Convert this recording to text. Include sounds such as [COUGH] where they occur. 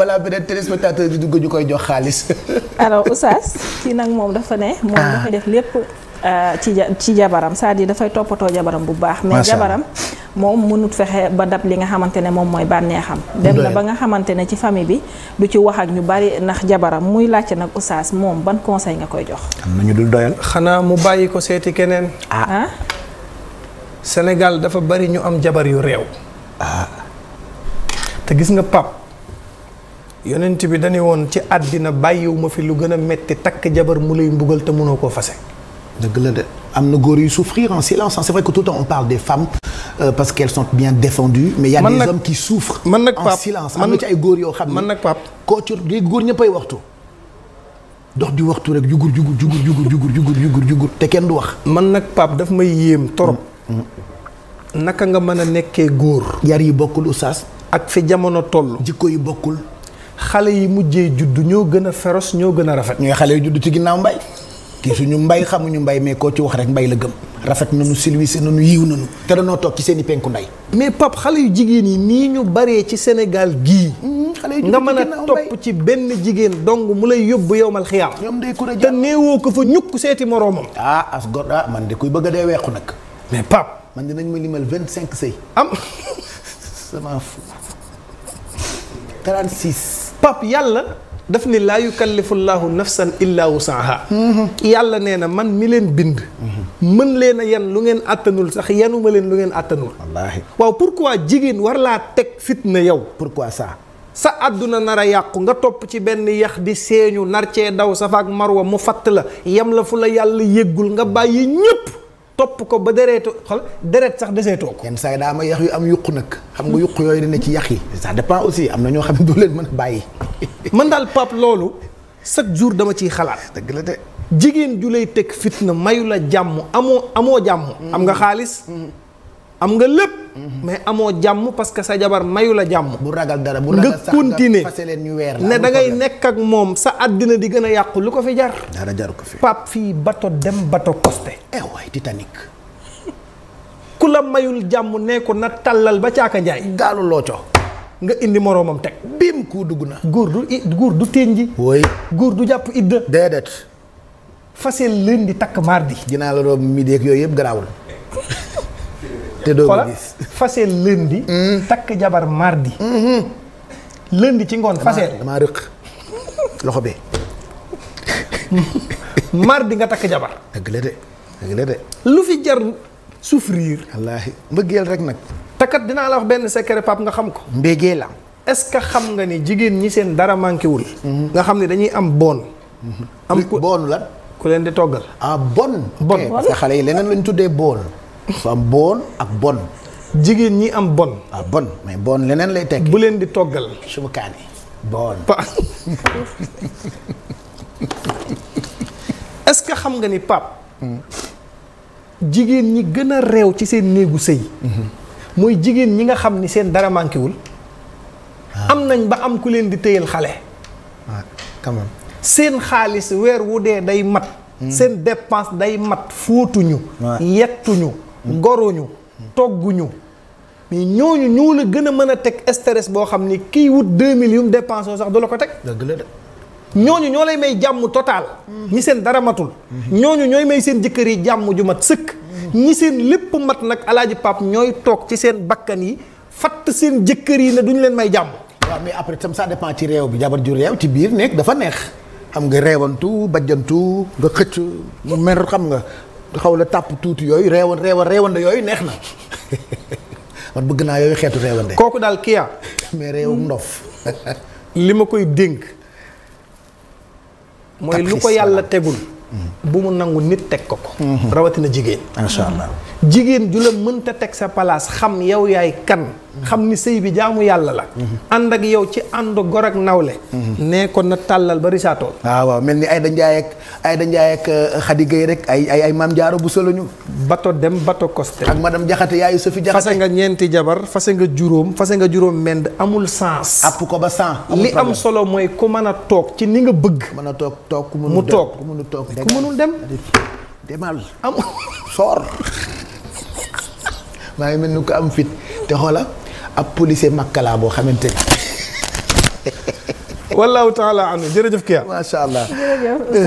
balaa beneen téléspectateur di dugg ñu koy jox xaalis. [LAUGHS] alors Oustaz kii nag moom dafa ne. moom ah. dafa def lépp. Euh, ci ci jabaram cest à dafay toppatoo jabaram bu baax. mais jabaram moom mënut fexe ba dab li nga xamante ne moom mooy bànneexam. dem na ba nga xamante ne ci famille bi du ci wax ak ñu bari ndax jabaram muy laajte nag oustaz moom ban conseil nga koy jox. am na ñu dul doyal. xanaa mu bàyyi ko seeti keneen. ah, ah? dafa bari ñu am jabar yu réew. Ah. te gis nga pap yonent bi dañu woon ci adina bayiwuma fi lu gëna metti tak jabar mu lay mbugal te mëno ko fassé dëgg la de amna goor yu souffrir en silence hein. c'est vrai que tout le temps on parle des femmes euh, parce qu'elles sont bien défendues mais il y a man des nak, hommes qui souffrent man nak, en pape, silence am ci ay goor yo xam man nak pap ko ci goor ñeppay waxtu dox di waxtu rek jugur jugur jugur jugur jugur jugur jugur jugur te kenn du wax man nak pap daf may yéem torop mm, mm. naka nga mëna nekké goor yar yi bokul oustaz ak fi jamono tollu jikko yi bokul xale yi mujjee juddu ñoo gën a féroce ñoo gën a rafet. ñooy xale yu juddu ci ginnaaw mbay. kii suñu mbay xamuñu mbay mais koo ci wax rek mbay la gëm. rafet nañu silwise nañu yiw nañu. te danoo toog ci seeni penku ndey. mais pap xale yu jigéen yi nii ñu baree ci senegal gii. Mm, nga mën a topp ci benn jigéen dong mu lay yóbbu yow mal xiyaam. ñoom day kuréel te néewoo ko fa ñukk seeti moroomam. ah as gor ah man de kuy bëgg a dee weexu nag. mais pap man dinañ ma limal vingt cinq sëy. am [LAUGHS] sama 36. pap yàlla daf ni laa yukallifu llaahu nafsan illaa wusaaha yàlla nee na man mi leen bind mën leen a yan lu ngeen àttanul sax ma leen lu ngeen àttanul wallaahi pour quoi jigéen war laa teg fitna yow pour pourquoi ça sa àdduna nar a yàqu nga topp ci benn yax di seeñu nar cee daw safaak marwa mu fatt la yam la fu la yàlla yëggul nga bàyyi ñépp topp ko ba dereetu xol deret sax deseetoo ko. yenn saa yi daa ma yax yu am yuq nag. xam nga yuq yooyu ne ci yax yi. ça dépend aussi am na ñoo xam ne doo leen mën a bàyyi. [LAUGHS] man daal Pape loolu chaque jour dama ciy xalaat. dëgg la de. jigéen ju lay teg fitna mayu la jàmm amoo amoo jàmm. Mm. am nga xaalis. Mm. am nga lepp mais amo jamm parce que sa jabar mayu la jàmm. bu ragal dara bu ragal sax nga wër né da ngay nek ak mom sa adina di gëna yaq lu ko fi jar. dara jaru ko fi. pap fi bato dem bato costé. eh way Titanic. kula mayul jamm né ko na talal ba caaka njaay. gaalu galu nga indi moromam tek bim ku guna. Gurdu, gurdu du góor du tënji. woy Dedet. du jàpp idda. di tak mardi. dina la do midi ak te do gis [LAUGHS] fase lundi. Hmm. tak jabar mardi. Hmm. lundi ci ngone fase. dama rek loxo bi. [LAUGHS] mardi nga tak jabar. deug la de deug la de. lu fi jar souffrir. wallahi mbëggeel rek nak takat dina la wax ben secret pap nga xam ko. mbégee la est-ce que xam nga ni jigen ñi seen dara manki wul. Hmm. nga xam ni dañuy am bon. am bon lan. ku len di togal ah bon. bon parce que xalé yi lenen lañ tuddé bon. dafa am boon ak bon. jigéen ñi am bon. ah bon mais bon leneen lay teg bu leen di toggal. suba kaani bon. est-ce que xam nga ni pap jigéen ñi gën a réew ci seen néegu sëy mooy jigéen ñi nga xam ni seen dara mànkewul ah. am nañ ba am ku leen di tëyal xale ah, seen xaalis weer wu dee day mat hmm. seen dépense day mat fóotuñu yettuñu goruñu togguñu mais ñooñu ñoo la gën a mën a teg stress boo xam ni kii wut 2000 yu mu dépensé sax du la ko teg. dëgg la ñooñu ñoo lay may jàmm total. Mm-hmm. ñi seen dara matul. Mm-hmm. ñooñu ñooy may seen jëkkër yi jàmm ju mat sëkk. Mm-hmm. ñi seen lépp mat nag alaaji pap ñooy toog ci seen bakkan yi fatt seen jëkkër yi ne duñu leen may jàmm. waaw mais après tam ça dépend ci réew bi jabar ju réew ci biir nekk dafa neex. xam nga reewantu bajjantu nga xëcc mer xam nga xaw la tàpp tuuti yooyu reewan reewan reewande yooyu neex na [LAUGHS] man bëgg naa yooyu xeetu reewande kooku daal Kia [LAUGHS] mais réewum ndof [LAUGHS] li ma koy dénk mooy lu ko yàlla tegul mm-hmm. bu mu nangu nit teg ko ko mm-hmm. rawatina jigéen insha allah jigéen ju la mënta teg sa palaas xam yow yaay kan xam ni sëy bi jaamu yàlla la. ànd ak yow ci ànd gor ak nawle. ne ko na tàllal ba risaatoo. waaw ah, waaw mel ni Ayda Njaay ak Ayda Njaay ak Xadi euh, rek ay ay ay maam jaaro bu solo ñu. bato dem bato costé. ak madame Jaxate yaayu Sofi Jaxate. fase nga ñeenti jabar fase nga juróom fase nga juróom mend amul sens. app ko ba sens. li am solo mooy ku mën a toog ci ni nga bëgg. mën a toog toog ku mënul dem ku mënul toog ku mënul dem. demal am soor. maa ngi mel ni ko am fit te xoola. ab policier makkalaa boo xamante ni. [LAUGHS] wallaahu taala anu jërëjëf Kya. macha allah jërëjëf.